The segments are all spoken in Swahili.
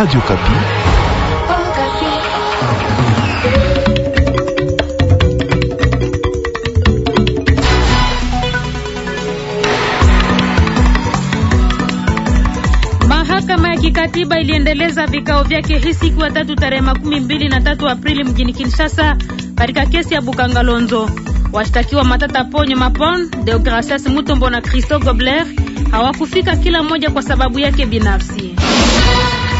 Radio Kapi. Mahakama ya kikatiba iliendeleza vikao vyake hii siku ya tatu tarehe makumi mbili na tatu Aprili mjini Kinshasa katika kesi ya Bukangalonzo. Washtakiwa Matata Ponyo Mapon, Deogracias Mutombo na Christo Gobler hawakufika kila mmoja kwa sababu yake binafsi.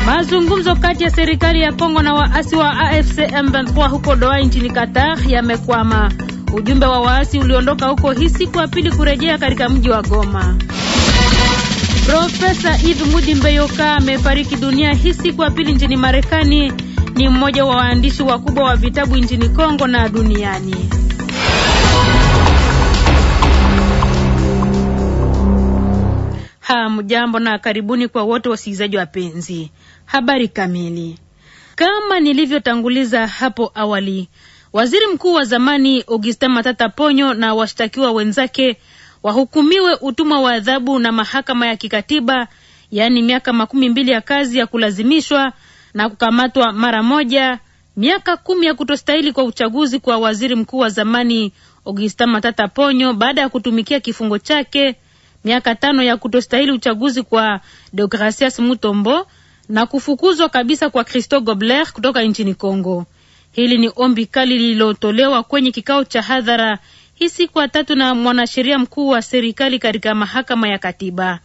Mazungumzo kati ya serikali ya Kongo na waasi wa AFC M23 huko Doha nchini Qatar yamekwama. Ujumbe wa waasi uliondoka huko hii siku ya pili kurejea katika mji wa Goma. Profesa Eve Mudi Mbeyoka amefariki dunia hii siku ya pili nchini Marekani. Ni mmoja wa waandishi wakubwa wa vitabu nchini Kongo na duniani. Hamjambo na karibuni kwa wote wasikilizaji wapenzi. Habari kamili. Kama nilivyotanguliza hapo awali, waziri mkuu wa zamani Augustin Matata Ponyo na washtakiwa wenzake wahukumiwe utumwa wa adhabu na mahakama ya kikatiba, yaani miaka makumi mbili ya kazi ya kulazimishwa na kukamatwa mara moja, miaka kumi ya kutostahili kwa uchaguzi kwa waziri mkuu wa zamani Augustin Matata Ponyo baada ya kutumikia kifungo chake miaka tano ya kutostahili uchaguzi kwa Deogracias Mutombo na kufukuzwa kabisa kwa Christo Gobler kutoka nchini congo Hili ni ombi kali lililotolewa kwenye kikao cha hadhara hii siku ya tatu na mwanasheria mkuu wa serikali katika mahakama ya katiba.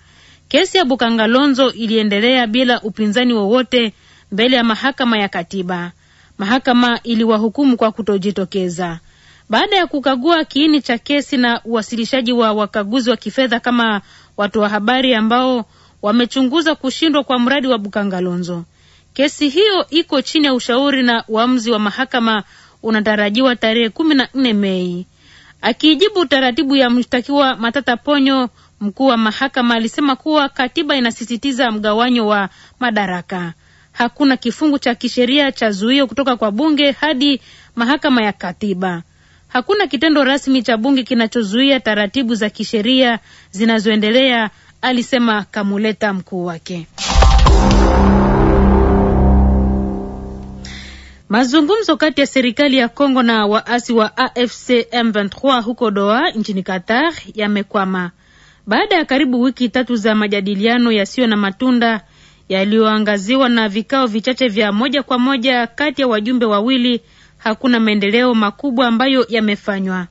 Kesi ya Bukangalonzo iliendelea bila upinzani wowote mbele ya mahakama ya katiba. Mahakama iliwahukumu kwa kutojitokeza baada ya kukagua kiini cha kesi na uwasilishaji wa wakaguzi wa kifedha kama watu wa habari ambao wamechunguza kushindwa kwa mradi wa Bukangalonzo. Kesi hiyo iko chini ya ushauri na uamuzi wa mahakama unatarajiwa tarehe kumi na nne Mei. Akijibu taratibu ya mshtakiwa Matata Ponyo, mkuu wa mahakama alisema kuwa katiba inasisitiza mgawanyo wa madaraka. Hakuna kifungu cha kisheria cha zuio kutoka kwa bunge hadi mahakama ya katiba. Hakuna kitendo rasmi cha bunge kinachozuia taratibu za kisheria zinazoendelea, alisema Kamuleta, mkuu wake. Mazungumzo kati ya serikali ya Kongo na waasi wa AFC M23 huko Doha nchini Qatar yamekwama baada ya karibu wiki tatu za majadiliano yasiyo na matunda yaliyoangaziwa na vikao vichache vya moja kwa moja kati ya wajumbe wawili hakuna maendeleo makubwa ambayo yamefanywa.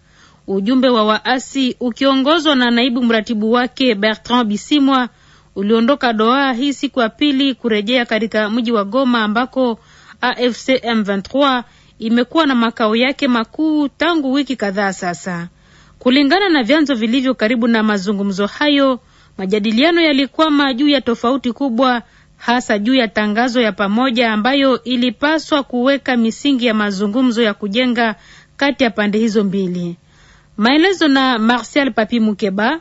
Ujumbe wa waasi ukiongozwa na naibu mratibu wake Bertrand Bisimwa uliondoka Doha hii siku ya pili kurejea katika mji wa Goma ambako AFC M23 imekuwa na makao yake makuu tangu wiki kadhaa sasa. Kulingana na vyanzo vilivyo karibu na mazungumzo hayo, majadiliano yalikwama juu ya tofauti kubwa hasa juu ya tangazo ya pamoja ambayo ilipaswa kuweka misingi ya mazungumzo ya kujenga kati ya pande hizo mbili. Maelezo na Marcial Papi Mukeba,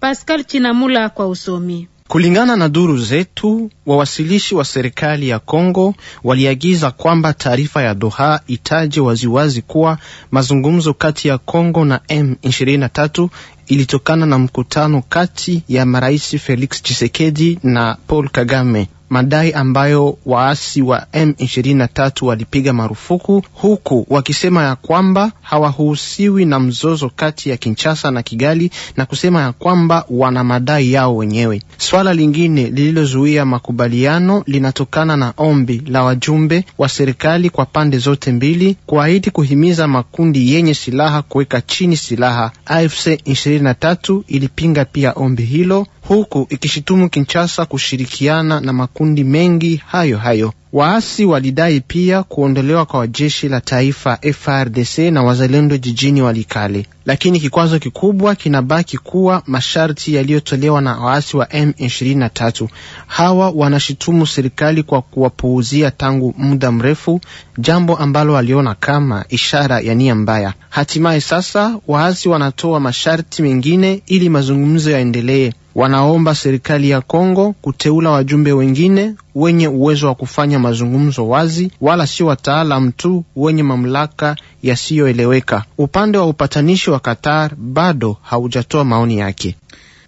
Pascal Chinamula kwa usomi. Kulingana na duru zetu, wawasilishi wa serikali ya Kongo waliagiza kwamba taarifa ya Doha itaje waziwazi kuwa mazungumzo kati ya Kongo na M23 ilitokana na mkutano kati ya marais Felix Tshisekedi na Paul Kagame madai ambayo waasi wa M23 walipiga marufuku, huku wakisema ya kwamba hawahusiwi na mzozo kati ya Kinshasa na Kigali na kusema ya kwamba wana madai yao wenyewe. Swala lingine lililozuia makubaliano linatokana na ombi la wajumbe wa serikali kwa pande zote mbili kuahidi kuhimiza makundi yenye silaha kuweka chini silaha. AFC 23 ilipinga pia ombi hilo huku ikishitumu Kinshasa kushirikiana na makundi mengi hayo hayo. Waasi walidai pia kuondolewa kwa jeshi la taifa frdc na wazalendo jijini Walikale, lakini kikwazo kikubwa kinabaki kuwa masharti yaliyotolewa na waasi wa M23. Hawa wanashitumu serikali kwa kuwapuuzia tangu muda mrefu, jambo ambalo waliona kama ishara ya nia mbaya. Hatimaye sasa waasi wanatoa masharti mengine ili mazungumzo yaendelee wanaomba serikali ya Kongo kuteula wajumbe wengine wenye uwezo wa kufanya mazungumzo wazi, wala si wataalam tu wenye mamlaka yasiyoeleweka. Upande wa upatanishi wa Qatar bado haujatoa maoni yake.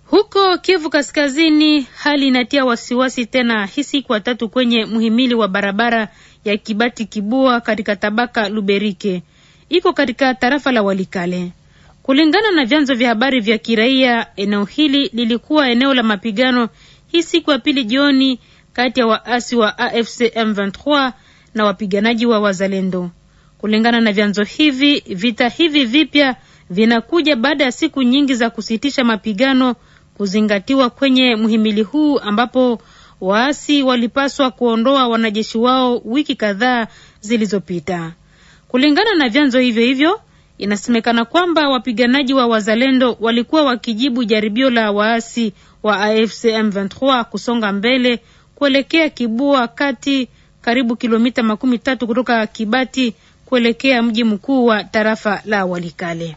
Huko Kivu Kaskazini, hali inatia wasiwasi tena, hii siku ya tatu kwenye mhimili wa barabara ya Kibati Kibua katika tabaka Luberike, iko katika tarafa la Walikale. Kulingana na vyanzo vya habari vya kiraia, eneo hili lilikuwa eneo la mapigano hii siku ya pili jioni kati ya waasi wa AFC M23 na wapiganaji wa Wazalendo. Kulingana na vyanzo hivi, vita hivi vipya vinakuja baada ya siku nyingi za kusitisha mapigano kuzingatiwa kwenye mhimili huu ambapo waasi walipaswa kuondoa wanajeshi wao wiki kadhaa zilizopita. Kulingana na vyanzo hivyo hivyo, Inasemekana kwamba wapiganaji wa wazalendo walikuwa wakijibu jaribio la waasi wa AFC M23 kusonga mbele kuelekea Kibua Kati, karibu kilomita makumi tatu kutoka Kibati kuelekea mji mkuu wa tarafa la Walikale.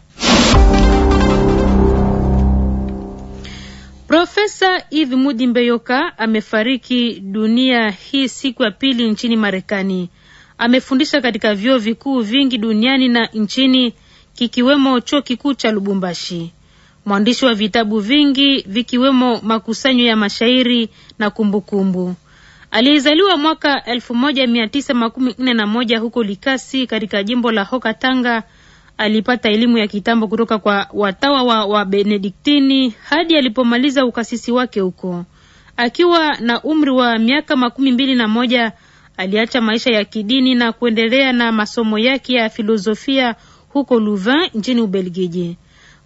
Profesa Eve Mudi Mbeyoka amefariki dunia hii siku ya pili nchini Marekani. Amefundisha katika vyuo vikuu vingi duniani na nchini kikiwemo chuo kikuu cha Lubumbashi. Mwandishi wa vitabu vingi vikiwemo makusanyo ya mashairi na kumbukumbu kumbu. Alizaliwa mwaka 1941 huko Likasi katika jimbo la Hoka Tanga. Alipata elimu ya kitambo kutoka kwa watawa wa Wabenediktini hadi alipomaliza ukasisi wake huko. Akiwa na umri wa miaka makumi mbili na moja aliacha maisha ya kidini na kuendelea na masomo yake ya filosofia huko Louvain nchini Ubelgiji.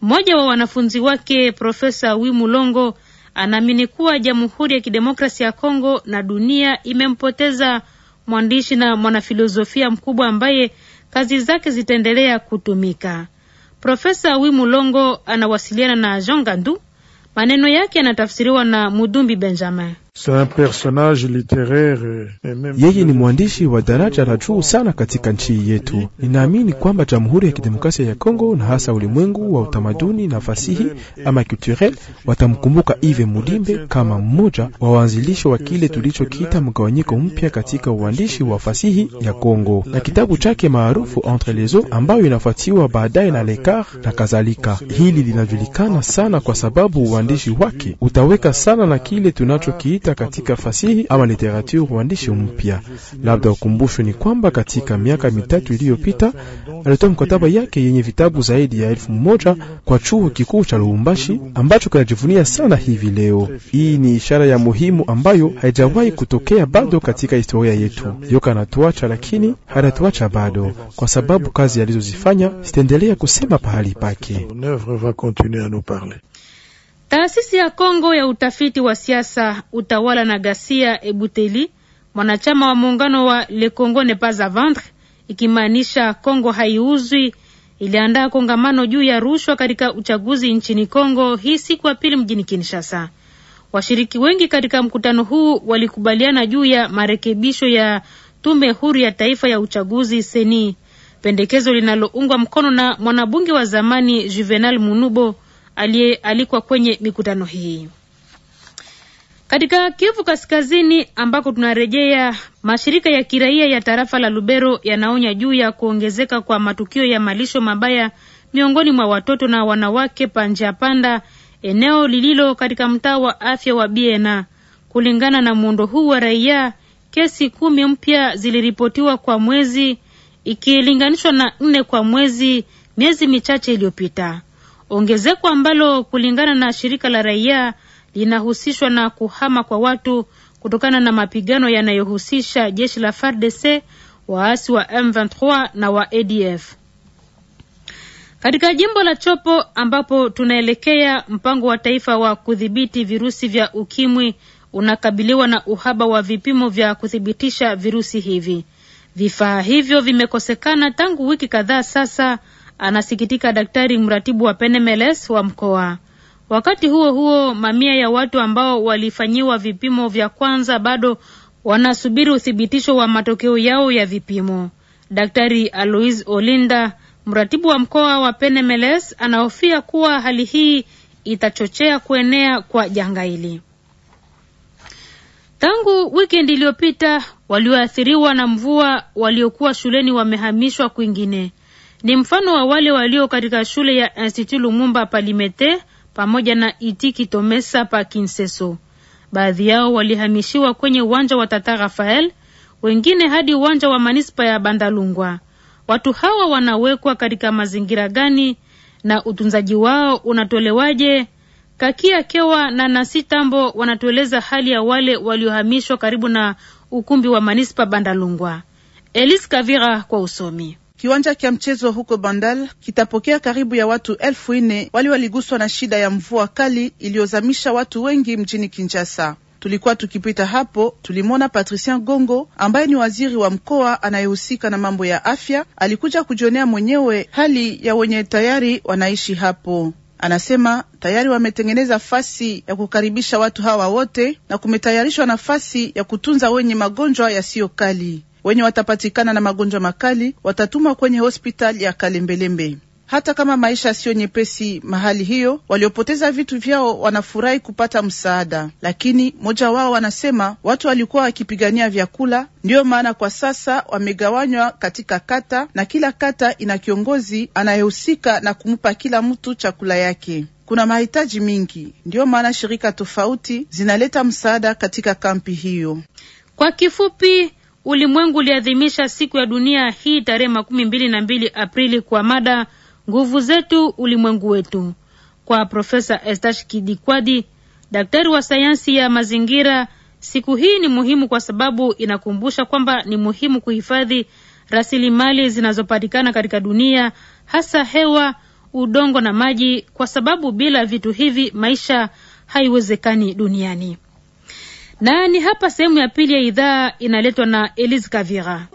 Mmoja wa wanafunzi wake Profesa Wimulongo anaamini kuwa Jamhuri ya Kidemokrasia ya Kongo na dunia imempoteza mwandishi na mwanafilosofia mkubwa ambaye kazi zake zitaendelea kutumika. Profesa Wimulongo anawasiliana na Jean Gandu. Maneno yake yanatafsiriwa na Mudumbi Benjamin. Yeye ni mwandishi wa daraja la juu sana katika nchi yetu. Ninaamini kwamba Jamhuri ya Kidemokrasia ya Kongo na hasa ulimwengu wa utamaduni na fasihi ama culturel watamkumbuka Ive mudimbe kama mmoja wa waanzilisho wa kile tulichokiita mgawanyiko mpya katika uandishi wa fasihi ya Kongo, na kitabu chake maarufu Entre les eaux ambayo inafuatiwa baadaye na Lekar na kadhalika. Hili linajulikana sana kwa sababu uandishi wake utaweka sana na kile tunachokiita kupita katika fasihi ama literature uandishi mpya. Labda ukumbusho ni kwamba katika miaka mitatu iliyopita alitoa mkataba yake yenye vitabu zaidi ya elfu moja kwa chuo kikuu cha Lubumbashi ambacho kinajivunia sana hivi leo. Hii ni ishara ya muhimu ambayo haijawahi kutokea bado katika historia yetu. Yoka anatuacha, lakini hanatuacha bado, kwa sababu kazi alizozifanya zitaendelea kusema pahali pake. Taasisi ya Kongo ya utafiti wa siasa, utawala na ghasia Ebuteli, mwanachama wa muungano wa Le Congo ne pas a vendre, ikimaanisha Kongo haiuzwi, iliandaa kongamano juu ya rushwa katika uchaguzi nchini Kongo hii siku ya pili mjini Kinshasa. Washiriki wengi katika mkutano huu walikubaliana juu ya marekebisho ya tume huru ya taifa ya uchaguzi seni, pendekezo linaloungwa mkono na mwanabunge wa zamani Juvenal Munubo aliyealikwa kwenye mikutano hii. Katika Kivu Kaskazini ambako tunarejea, mashirika ya kiraia ya tarafa la Lubero yanaonya juu ya kuongezeka kwa matukio ya malisho mabaya miongoni mwa watoto na wanawake panja panda, eneo lililo katika mtaa wa afya wa Biena. Kulingana na muundo huu wa raia, kesi kumi mpya ziliripotiwa kwa mwezi ikilinganishwa na nne kwa mwezi miezi michache iliyopita ongezeko ambalo kulingana na shirika la raia linahusishwa na kuhama kwa watu kutokana na mapigano yanayohusisha jeshi la FARDC, waasi wa M23 na wa ADF. Katika jimbo la Chopo ambapo tunaelekea, mpango wa taifa wa kudhibiti virusi vya ukimwi unakabiliwa na uhaba wa vipimo vya kuthibitisha virusi hivi. Vifaa hivyo vimekosekana tangu wiki kadhaa sasa, anasikitika daktari mratibu wa Penemeles wa mkoa. Wakati huo huo, mamia ya watu ambao walifanyiwa vipimo vya kwanza bado wanasubiri uthibitisho wa matokeo yao ya vipimo. Daktari Alois Olinda, mratibu wa mkoa wa Penemeles, anahofia kuwa hali hii itachochea kuenea kwa janga hili. Tangu wikendi iliyopita, walioathiriwa na mvua waliokuwa shuleni wamehamishwa kwingine. Ni mfano wa wale walio katika shule ya Institut Lumumba Palimete pamoja na Itiki Tomesa pa Kinseso. Baadhi yao walihamishiwa kwenye uwanja wa Tata Rafael, wengine hadi uwanja wa manispa ya Bandalungwa. Watu hawa wanawekwa katika mazingira gani na utunzaji wao unatolewaje? Kakia Kewa na nasi tambo wanatueleza hali ya wale waliohamishwa karibu na ukumbi wa manispa Bandalungwa. Elis Kavira kwa usomi Kiwanja cha mchezo huko Bandal kitapokea karibu ya watu elfu nne wali waliguswa na shida ya mvua kali iliyozamisha watu wengi mjini Kinshasa. Tulikuwa tukipita hapo, tulimwona Patricien Gongo ambaye ni waziri wa mkoa anayehusika na mambo ya afya. Alikuja kujionea mwenyewe hali ya wenye tayari wanaishi hapo. Anasema tayari wametengeneza fasi ya kukaribisha watu hawa wote na kumetayarishwa nafasi ya kutunza wenye magonjwa yasiyo kali. Wenye watapatikana na magonjwa makali watatumwa kwenye hospitali ya Kalembelembe. Hata kama maisha siyo nyepesi mahali hiyo, waliopoteza vitu vyao wanafurahi kupata msaada, lakini mmoja wao wanasema watu walikuwa wakipigania vyakula, ndiyo maana kwa sasa wamegawanywa katika kata, na kila kata ina kiongozi anayehusika na kumpa kila mtu chakula yake. Kuna mahitaji mingi, ndiyo maana shirika tofauti zinaleta msaada katika kampi hiyo. Kwa kifupi Ulimwengu uliadhimisha siku ya dunia hii tarehe makumi mbili na mbili Aprili kwa mada nguvu zetu, ulimwengu wetu, kwa Profesa Estash Kidikwadi, daktari wa sayansi ya mazingira. Siku hii ni muhimu kwa sababu inakumbusha kwamba ni muhimu kuhifadhi rasilimali zinazopatikana katika dunia, hasa hewa, udongo na maji, kwa sababu bila vitu hivi maisha haiwezekani duniani na ni hapa sehemu ya pili ya idhaa inaletwa na Elise Kavira,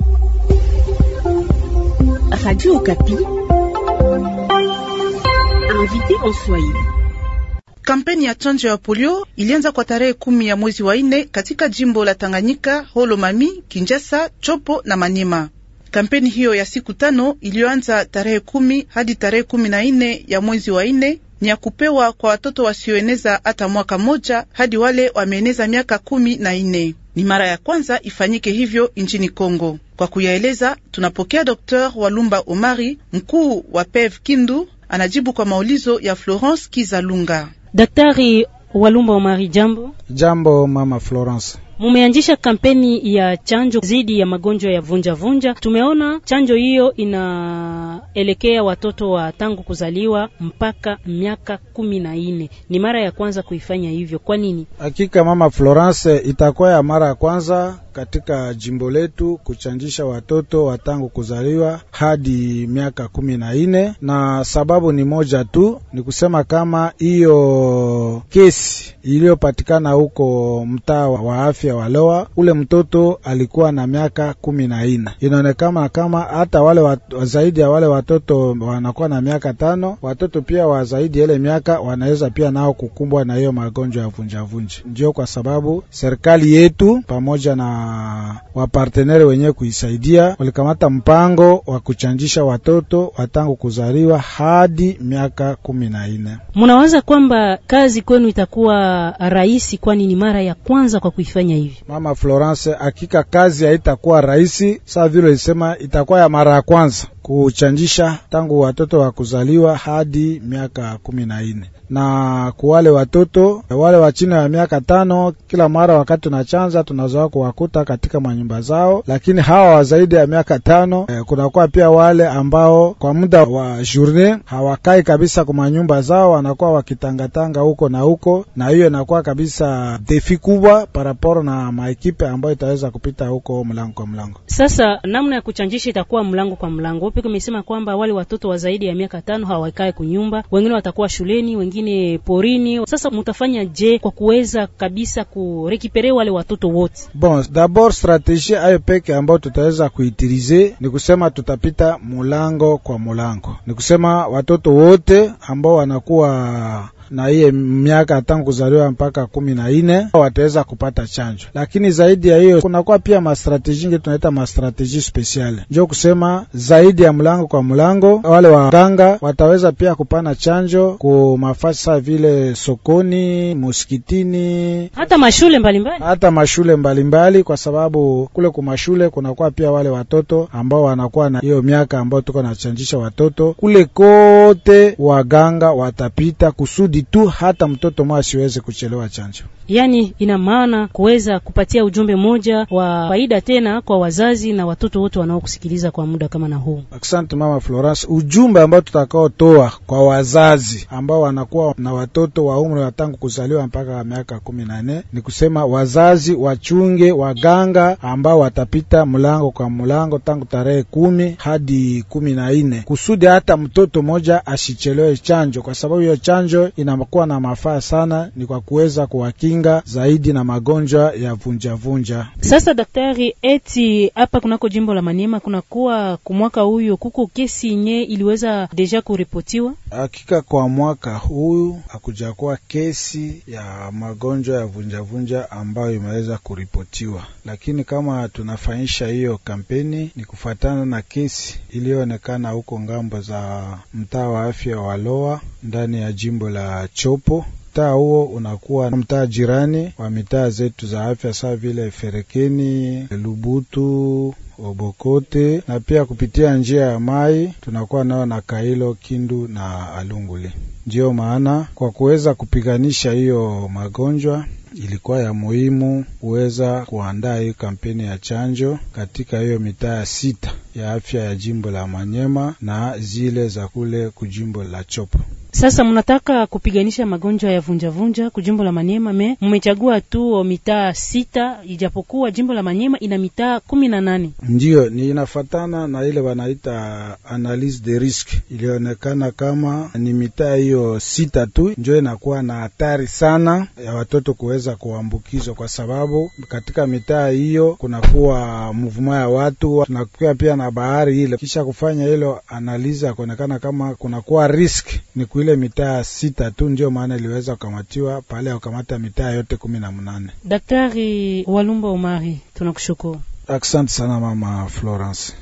Kampeni ya chanjo ya polio ilianza kwa tarehe kumi ya mwezi wa nne katika jimbo la Tanganyika, Holomami, Kinjasa, Chopo na Manyema. Kampeni hiyo ya siku tano iliyoanza tarehe kumi hadi tarehe kumi na nne ya mwezi wa nne ni ya kupewa kwa watoto wasioeneza hata mwaka moja hadi wale wameeneza miaka kumi na nne. Ni mara ya kwanza ifanyike hivyo nchini Kongo. Kwa kuyaeleza, tunapokea Dr. Walumba Omari, mkuu wa PEV Kindu, anajibu kwa maulizo ya Florence Kizalunga. Daktari Walumba Omari, jambo. Jambo mama Florence. Mumeanzisha kampeni ya chanjo dhidi ya magonjwa ya vunja vunja. Tumeona chanjo hiyo inaelekea watoto wa tangu kuzaliwa mpaka miaka kumi na nne. Ni mara ya kwanza kuifanya hivyo. Kwa nini? Hakika mama Florence, itakuwa ya mara ya kwanza katika jimbo letu kuchanjisha watoto wa tangu kuzaliwa hadi miaka kumi na nne, na sababu ni moja tu, ni kusema kama hiyo kesi iliyopatikana huko mtaa wa afya ya waloa. Ule mtoto alikuwa na miaka kumi na ine. Inaonekana kama hata wale wa, zaidi ya wale watoto wanakuwa na miaka tano, watoto pia wa zaidi ya ile miaka wanaweza pia nao kukumbwa na hiyo magonjwa ya vunjavunji. Ndio kwa sababu serikali yetu pamoja na waparteneri wenyewe kuisaidia walikamata mpango wa kuchanjisha watoto watangu kuzaliwa hadi miaka kumi na ine. Mnawaza kwamba kazi kwenu itakuwa rahisi, kwani ni mara ya kwanza kwa kuifanya hivi. Mama Florence, hakika kazi haitakuwa rahisi, saa vile isema itakuwa ya mara ya kwanza kuchanjisha tangu watoto wa kuzaliwa hadi miaka kumi na nne na kuwale watoto wale wa chini ya miaka tano, kila mara wakati tunachanja tunazoa kuwakuta katika manyumba zao, lakini hawa wa zaidi ya miaka tano eh, kunakuwa pia wale ambao kwa muda wa journe hawakai kabisa kwa manyumba zao, wanakuwa wakitangatanga huko na huko, na hiyo inakuwa kabisa defi kubwa paraporo na maekipe ambayo itaweza kupita huko mlango kwa mlango. Sasa namna ya kuchanjisha itakuwa mlango kwa mlango Mapiko imesema kwamba wale watoto wa zaidi ya miaka tano hawakae kunyumba, wengine watakuwa shuleni, wengine porini. Sasa mutafanya je kwa kuweza kabisa kurekipere wale watoto wote? Bon, d'abord strategie ayo peke ambayo tutaweza kuitilize ni kusema tutapita mulango kwa mulango, ni kusema watoto wote ambao wanakuwa na hiye miaka tangu kuzaliwa mpaka kumi na ine wataweza kupata chanjo, lakini zaidi ya hiyo kunakuwa pia mastrateji ngi tunaita mastrateji spesiale, njo kusema zaidi ya mlango kwa mlango, wale waganga wataweza pia kupana chanjo ku mafasi sa vile sokoni, musikitini, hata mashule mbalimbali mbali. hata mashule mbalimbali mbali, kwa sababu kule mashule kunakuwa pia wale watoto ambao wanakuwa na hiyo miaka ambao tuko nachanjisha watoto kule kote, waganga watapita kusudi kusudi tu hata mtoto mwa asiweze kuchelewa chanjo. Yani ina maana kuweza kupatia ujumbe moja wa faida tena kwa wazazi na watoto wote wanaokusikiliza kwa muda kama na huu. Asante mama Florence, ujumbe ambao tutakaotoa kwa wazazi ambao wanakuwa na watoto wa umri wa tangu kuzaliwa mpaka miaka kumi na nne ni kusema wazazi wachunge waganga ambao watapita mlango kwa mlango tangu tarehe kumi hadi kumi na nne kusudi hata mtoto moja asichelewe chanjo, kwa sababu hiyo chanjo inakuwa na mafaa sana, ni kwa kuweza kuwakinga zaidi na magonjwa ya vunjavunja. Sasa daktari, eti hapa kunako jimbo la Maniema kunakuwa kumwaka huyu kuko kesi nye iliweza deja kuripotiwa. Hakika kwa mwaka huyu hakujakuwa kesi ya magonjwa ya vunjavunja ambayo imeweza kuripotiwa, lakini kama tunafanyisha hiyo kampeni ni kufuatana na kesi iliyoonekana huko ngambo za mtaa wa afya wa Loa ndani ya jimbo la chopo mtaa huo unakuwa mtaa jirani wa mitaa zetu za afya saa vile Ferekeni, Lubutu, Obokote na pia kupitia njia ya mai tunakuwa nayo na Kailo, Kindu na Alunguli. Ndiyo maana kwa kuweza kupiganisha hiyo magonjwa ilikuwa ya muhimu kuweza kuandaa hiyo kampeni ya chanjo katika hiyo mitaa sita ya afya ya jimbo la Manyema na zile za kule kujimbo la Chopo. Sasa mnataka kupiganisha magonjwa ya vunjavunja kujimbo la Manyema, me mmechagua tu mitaa sita, ijapokuwa jimbo la Manyema ina mitaa kumi na nane. Ndiyo ni inafatana na ile wanaita analyse de risque, ilionekana kama ni mitaa hiyo sita tu njo inakuwa na hatari sana ya watoto kuweza kuambukizwa, kwa sababu katika mitaa hiyo kunakuwa mvuma ya watu, tunakuwa pia na bahari ile. Kisha kufanya hilo analizi, kuonekana kama kunakuwa risk ni kuile ile mitaa sita tu ndio maana iliweza kukamatiwa pale ya kukamata mitaa yote kumi na mnane. Daktari Walumba Omari, tunakushukuru. Asante sana mama Florence.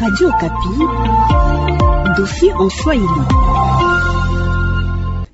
Radio Kapi, dossier en Swahili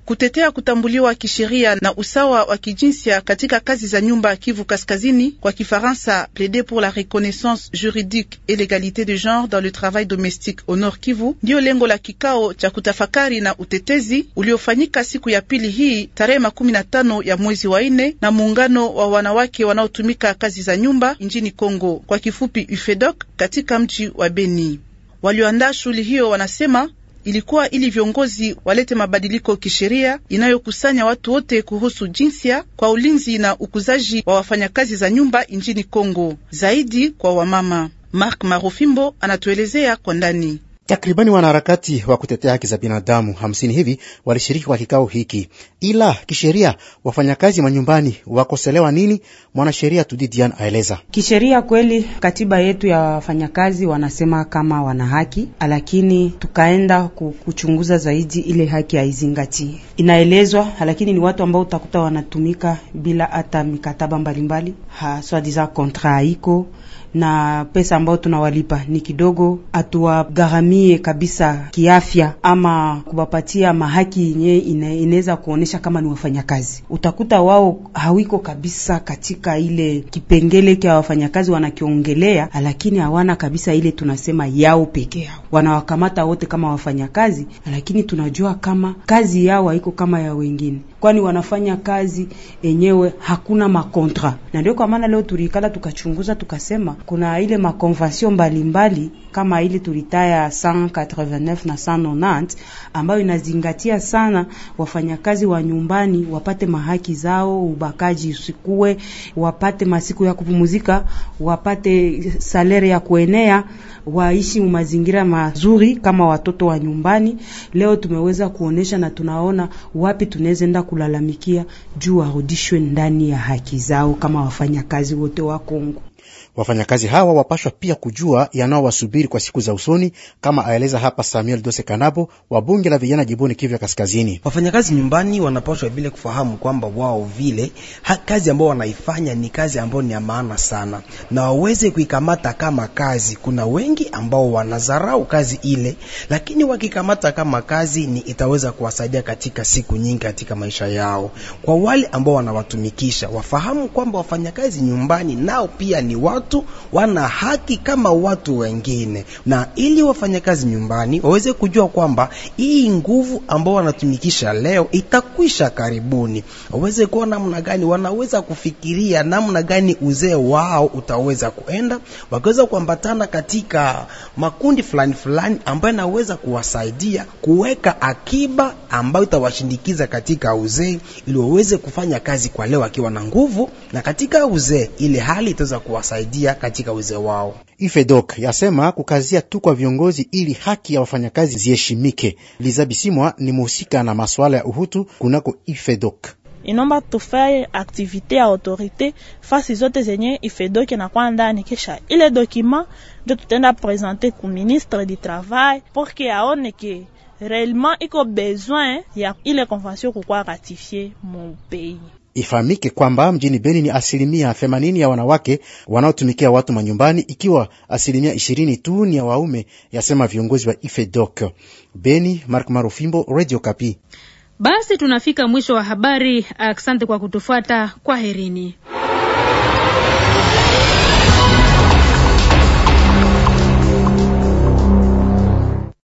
kutetea kutambuliwa kisheria na usawa wa kijinsia katika kazi za nyumba Kivu Kaskazini, kwa Kifaransa plede pour la reconnaissance juridique et l'égalité de genre dans le travail domestique au Nord Kivu, ndiyo lengo la kikao cha kutafakari na utetezi uliofanyika siku ya pili hii tarehe makumi na tano ya mwezi wa nne na muungano wa wanawake wanaotumika kazi za nyumba nchini Kongo, kwa kifupi UFEDOC, katika mji wa Beni. Walioandaa shughuli hiyo wanasema ilikuwa ili viongozi walete mabadiliko kisheria inayokusanya watu wote kuhusu jinsia kwa ulinzi na ukuzaji wa wafanyakazi za nyumba nchini Kongo, zaidi kwa wamama. Mark Marofimbo anatuelezea kwa ndani. Takribani wanaharakati wa kutetea haki za binadamu hamsini hivi walishiriki kwa kikao hiki, ila kisheria wafanyakazi manyumbani wakoselewa nini? Mwanasheria Tudidian aeleza. Kisheria kweli, katiba yetu ya wafanyakazi wanasema kama wana haki, lakini tukaenda kuchunguza zaidi, ile haki haizingatii, inaelezwa lakini ni watu ambao utakuta wanatumika bila hata mikataba mbalimbali, haswa diza kontra iko na pesa ambayo tunawalipa ni kidogo, atuwagharamie kabisa kiafya ama kuwapatia mahaki yenye inaweza kuonesha kama ni wafanyakazi. Utakuta wao hawiko kabisa katika ile kipengele kya wafanyakazi wanakiongelea, lakini hawana kabisa ile tunasema yao peke yao wanawakamata wote kama wafanyakazi, lakini tunajua kama kazi yao haiko kama ya wengine, kwani wanafanya kazi enyewe hakuna makontra. Na ndio kwa maana leo tulikala tukachunguza, tukasema kuna ile makonvension mbalimbali kama ile tulitaya 189 na 190 ambayo inazingatia sana wafanyakazi wa nyumbani wapate mahaki zao, ubakaji usikue, wapate masiku ya kupumzika, wapate salere ya kuenea waishi mazingira mazuri kama watoto wa nyumbani. Leo tumeweza kuonesha na tunaona wapi enda kulalamikia juu warudishwe ndani ya haki zao kama wafanyakazi wote wa Kongo. Wafanyakazi hawa wapashwa pia kujua yanaowasubiri kwa siku za usoni, kama aeleza hapa Samuel Dose Kanabo wa bunge la vijana jimboni Kivu ya Kaskazini. Wafanyakazi nyumbani wanapashwa vile kufahamu kwamba wao vile ha, kazi ambao wanaifanya ni kazi ambayo ni ya maana sana, na waweze kuikamata kama kazi. Kuna wengi ambao wanazarau kazi ile, lakini wakikamata kama kazi ni itaweza kuwasaidia katika siku nyingi katika maisha yao. Kwa wale ambao wanawatumikisha wafahamu kwamba wafanyakazi nyumbani nao pia ni watu watu wana haki kama watu wengine, na ili wafanyakazi nyumbani waweze kujua kwamba hii nguvu ambao wanatumikisha leo itakwisha karibuni, waweze kuwa namna gani wanaweza kufikiria namna gani uzee wao utaweza kuenda, wakiweza kuambatana katika makundi fulani fulani ambayo yanaweza kuwasaidia kuweka akiba ambayo itawashindikiza katika uzee, ili waweze kufanya kazi kwa leo akiwa na nguvu, na katika uzee ile hali itaweza kuwasaidia kusaidia katika uzee wao. Ifedok yasema kukazia tu kwa viongozi ili haki ya wafanyakazi ziheshimike. bisimwa ni muhusika na masuala ya uhutu kunako Ifedok. Inomba tufaye aktivite ya autorite fasi zote zenye Ifedok na kwa ndani, kisha ile dokima ndio tutenda presente ku ministre du travail porke aone ke reellement iko besoin ya ile convention kukwa ratifie mon pays Ifahamike kwamba mjini Beni ni asilimia 80 ya wanawake wanaotumikia watu manyumbani, ikiwa asilimia 20 tu ni ya waume, yasema viongozi wa IFEDOC Beni. Mark Marufimbo, Radio Kapi. Basi tunafika mwisho wa habari. Asante kwa kutufuata, kwaherini.